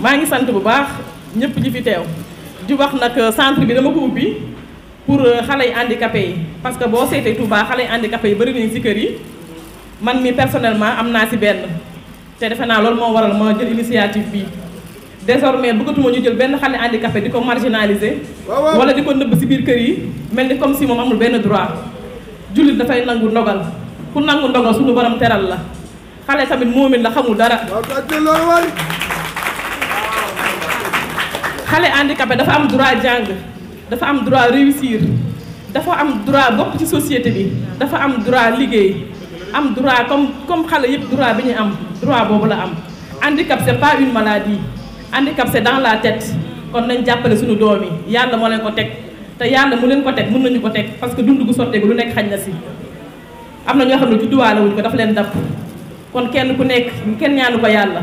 maa ngi sant bu baax ñëpp ñi fi teew di wax nag euh, centre bi dama ko ubbi pour euh, xale yi handicapé yi parce que boo seetee baax xale yi handicapé yi bëri nañu si kër yi man mi personnellement am naa si benn te defe naa loolu moo waral ma jël initiative bii désormais bëggatuma ñu jël benn xale handicapé di ko marginaliser wala di ko nëbb si biir kër yi mel ni comme si moom amul benn droit jullit dafay nangu ndogal ku nangu ndogal suñu borom teral la xale tamit moomin la xamul dara xale handicapé dafa am droit jàng dafa am droit réussir dafa am droit ci société bi dafa am droit liggéey am droit comme comme xale yëpp droit bi ñu am droit boobu la am indi handicap c'est pas une maladie handicap c'est dans la tête kon nañ jàppale suñu doom yi yàlla moo leen ko teg te yàlla mu leen ko teg mën nañu ko teg parce que dund gu sotteeku lu nekk xañ na si am na ñoo xam ne judduwaale wuñ ko dafa leen dab kon kenn ku nekk kenn ñaanu ko yàlla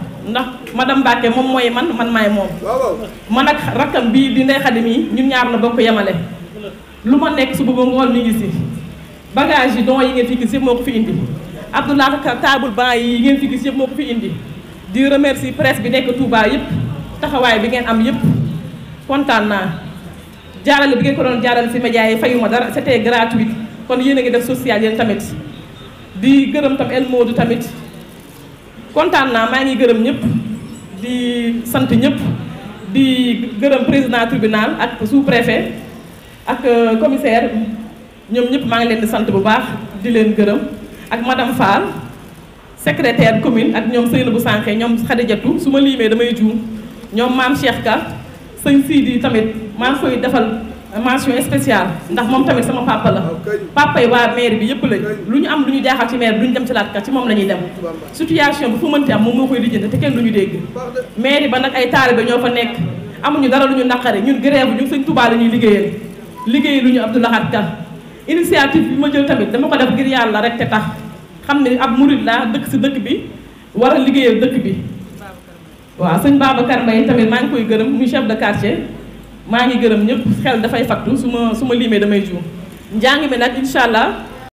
ndax ma dam Mbacke moom mooy man man maay moom man ak rakkam bii di Ndeye Khady mii ñun ñaar la bokk yemale lu ma nekk suba ba ngoon mi ngi si bagage yi don yi ngeen fi gis yëpp moo ko fi indi Abdoulaye Ka taabul banc yi ngeen fi gis yëpp moo ko fi indi di remercier presse bi nekk Touba yëpp taxawaay bi ngeen am yëpp kontaan naa jaarale bi ngeen ko doon jaarale si média yi fayuma dara c'était gratuit kon yéen a ngi def social yéen tamit di gërëm tam El tamit kontaan naa maa ngi gërëm ñëpp di sant ñëpp di gërëm président tribunal ak sous préfet ak euh, commissaire ñoom ñëpp maa ngi leen di sant bu baax di leen gërëm ak madame Fall secretaire commune ak ñoom bu Sankhé ñoom Khadijatu su ma liimee damay juum ñoom maam Cheikh Ka sëñ Sidi tamit maa ngi koy defal. mention spéciale ndax moom tamit sama papa la ah, papa yi waa maire bi yëpp lañ lu ñu am lu ñu jaaxal ci maire lu ñu dem ci laatkat ci moom la ñuy dem situation bu fu mënti am moom moo koy lijjanti te kenn lu ñu dégg maire ba nag ay taalibe ñoo fa nekk amuñu dara lu ñu naqari ñun grève ñun ñu Touba la ñuy liggéeyal liggéey lu ñu Abdou Lahad Ka initiative bi ma jël tamit dama ko dem ngir yàlla rek te tax xam ne ab murid laa dëkk si dëkk bi war a liggéeyal dëkk bi waaw sëñ Babacar Mbaye tamit maa ngi koy gërëm muy chef de maa ngi gërëm ñëpp xel dafay fattu su ma su ma limee damay juum njàng mi nag incha allah